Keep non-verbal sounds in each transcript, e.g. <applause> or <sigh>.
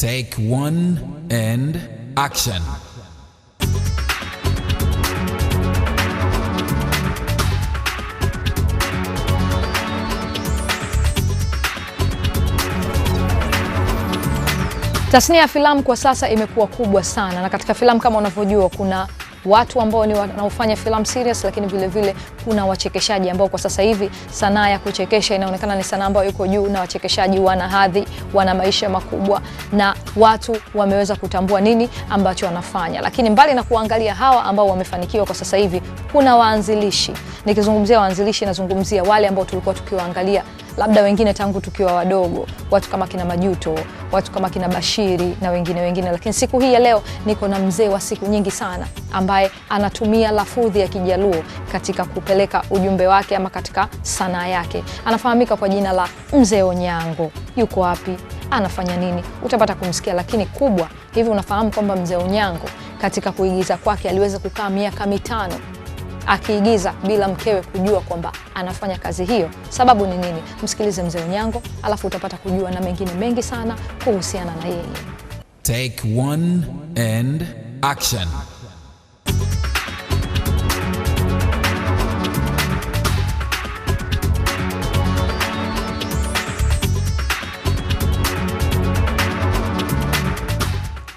Take one and action. Tasnia ya filamu kwa sasa imekuwa kubwa sana, na katika filamu kama unavyojua kuna watu ambao ni wanaofanya filamu serious, lakini vile vile kuna wachekeshaji ambao kwa sasa hivi sanaa ya kuchekesha inaonekana ni sanaa ambayo iko juu, na wachekeshaji wana hadhi, wana maisha makubwa, na watu wameweza kutambua nini ambacho wanafanya. Lakini mbali na kuangalia hawa ambao wamefanikiwa kwa sasa hivi, kuna waanzilishi. Nikizungumzia waanzilishi, nazungumzia wale ambao tulikuwa tukiwaangalia labda wengine tangu tukiwa wadogo, watu kama kina Majuto, watu kama kina Bashiri na wengine wengine. Lakini siku hii ya leo niko na mzee wa siku nyingi sana ambaye anatumia lafudhi ya Kijaluo katika kupeleka ujumbe wake ama katika sanaa yake. Anafahamika kwa jina la Mzee Onyango. Yuko wapi? Anafanya nini? Utapata kumsikia, lakini kubwa hivi, unafahamu kwamba Mzee Onyango katika kuigiza kwake aliweza kukaa miaka mitano akiigiza bila mkewe kujua kwamba anafanya kazi hiyo. Sababu ni nini? Msikilize Mzee Onyango, alafu utapata kujua na mengine mengi sana kuhusiana na yeye. Take one and action.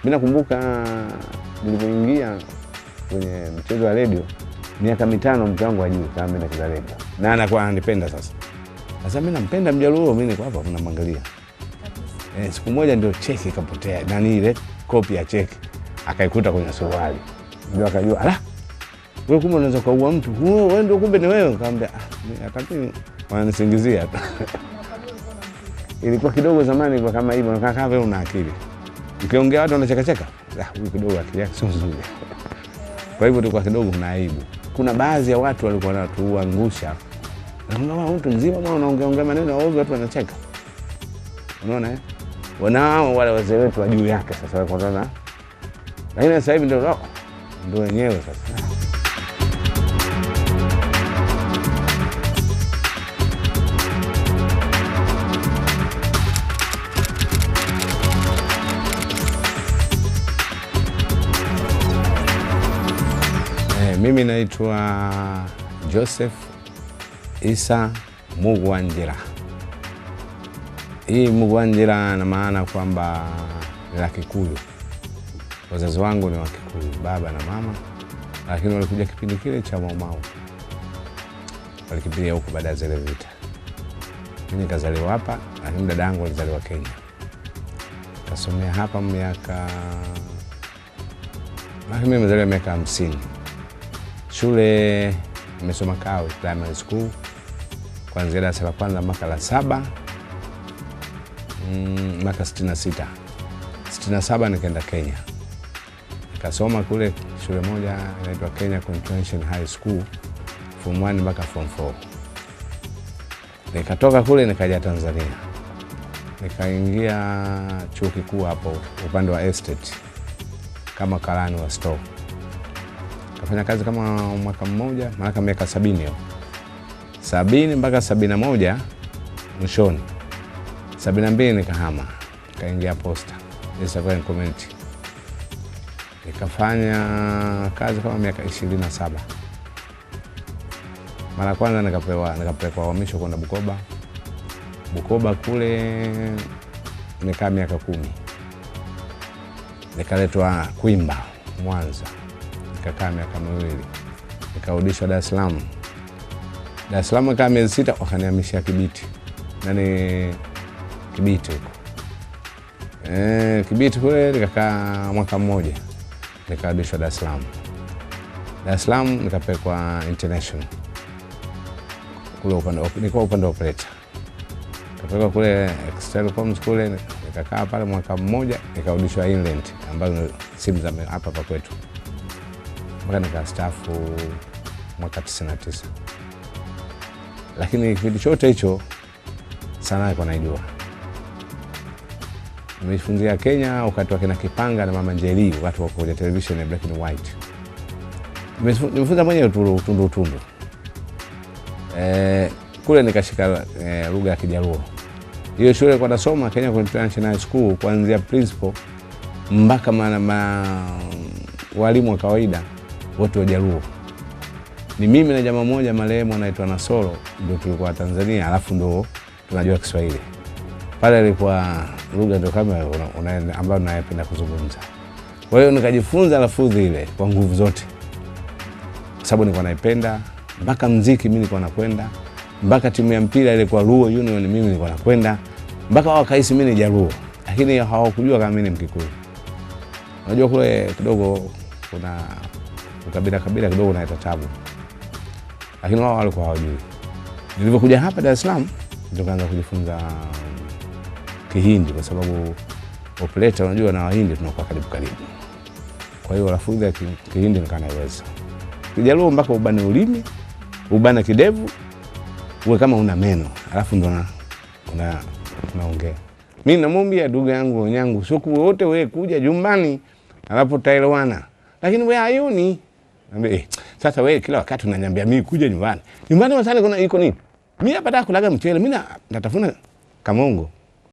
Mimi nakumbuka nilipoingia kwenye mchezo wa redio miaka mitano mke wangu ajui kama mimi nakizaleka na anakuwa ananipenda sasa. Sasa mimi nampenda Mjaluo, mimi niko hapa namwangalia. Eh, siku moja ndio cheki ikapotea, nani ile kopi ya cheki akaikuta kwenye suruali, ndio akajua ala, wewe kumbe unaweza kuua mtu wewe, ndio kumbe ni wewe. Nikamwambia ah, atakini wananisingizia tu <laughs> ilikuwa kidogo zamani kwa kama hivyo, kama wewe una akili, ukiongea watu wanachekacheka, ah, huyu kidogo akili yake sio nzuri. <laughs> Kwa hivyo tulikuwa kidogo na aibu kuna baadhi ya watu walikuwa wanatuangusha, mtu mzima unaongeongea maneno ovyo, watu wanacheka. Unaona eh? Wanao wale wazee wetu wa juu yake sasa, lakini sasa hivi ndio ndio wenyewe sasa Mimi naitwa Joseph Isa Mugwanjira. Hii Mugwanjira na maana kwamba ni la Kikuyu. Wazazi wangu ni Kikuyu, baba na mama, lakini walikuja kipindi kile cha Maumau, walikimbilia huku baada ya zile vita. Mimi nikazaliwa hapa, lakini dada yangu alizaliwa Kenya, kasomea hapa miaka, lakini mimi nimezaliwa miaka hamsini. Shule nimesoma Kawe Primary School kuanzia darasa la kwanza mpaka la saba mm, mpaka sitini na sita sitini na saba nikaenda Kenya nikasoma kule shule moja inaitwa Kenya Convention High School form 1 mpaka form 4. Nikatoka kule nikaja Tanzania nikaingia chuo kikuu hapo upande wa estate kama karani wa store kafanya kazi kama mwaka mmoja, maanake miaka sabini hiyo sabini mpaka sabini na moja mwishoni, sabini na mbili nikahama nikaingia Posta Eastern nikafanya kazi kama miaka ishirini na saba. Mara kwanza nikapewa nikapelekwa uhamisho kwenda Bukoba. Bukoba kule nikaa miaka kumi, nikaletwa Kwimba Mwanza. Nikakaa miaka miwili, nikarudishwa Dar es Salaam. Dar es Salaam kaa miezi sita, wakanihamishia Kibiti, nani Kibiti huko e, Kibiti kule nikakaa mwaka mmoja, nikarudishwa Dar es Salaam. Dar es Salaam nikapekwa international kule upande, nilikuwa upande operator nikapekwa kule Excelcoms kule, nikakaa pale mwaka mmoja, nikarudishwa Inland ambazo simu za hapa pa kwetu mpaka nikastaafu mwaka 99 lakini kipindi chote hicho sana ilikuwa naijua. Nimejifunzia Kenya wakati wakina kina Kipanga na Mama njeli watu wa kuja television ya black and white. Nimefunza mwenyewe utundu utundu e, kule nikashika e, lugha ya Kijaruo. Hiyo shule kwa nasoma Kenya International School kuanzia principal mpaka walimu wa kawaida wote Wajaluo. Ni mimi na jamaa mmoja marehemu anaitwa Nasoro, ndio tulikuwa Tanzania, alafu ndo tunajua Kiswahili pale ilikuwa lugha ndo kama ambayo nayependa kuzungumza. Kwa hiyo nikajifunza lafudhi ile kwa nguvu zote, kwa sababu nilikuwa naipenda. Mpaka mziki mimi nilikuwa nakwenda, mpaka timu ya mpira ile kwa Luo Union mimi nilikuwa nakwenda, mpaka wakahisi mimi ni Jaluo, lakini hawakujua kama mimi ni Mkikuyu. Unajua kule kidogo kuna ukabila kabila kidogo unaita tabu, lakini wao walikuwa hawajui. Nilivyokuja hapa Dar es Salaam nikaanza kujifunza um, Kihindi kwa sababu operator unajua na Wahindi tunakuwa karibu karibu, kwa hiyo lafudhi ya Kihindi nikaa naiweza, Kijaluo mpaka ubane ulimi, ubane kidevu, uwe kama una meno, alafu ndo unaongea. Mi namwambia ndugu yangu sio kuwe wote wewe kuja jumbani alafu taelewana, lakini we hayuni Eh, sasa wewe kila wakati unaniambia mimi kuja nyumbani. Nyumbani msana iko nini? Mimi hapa nataka kulaga mchele. Mimi natafuna kamongo.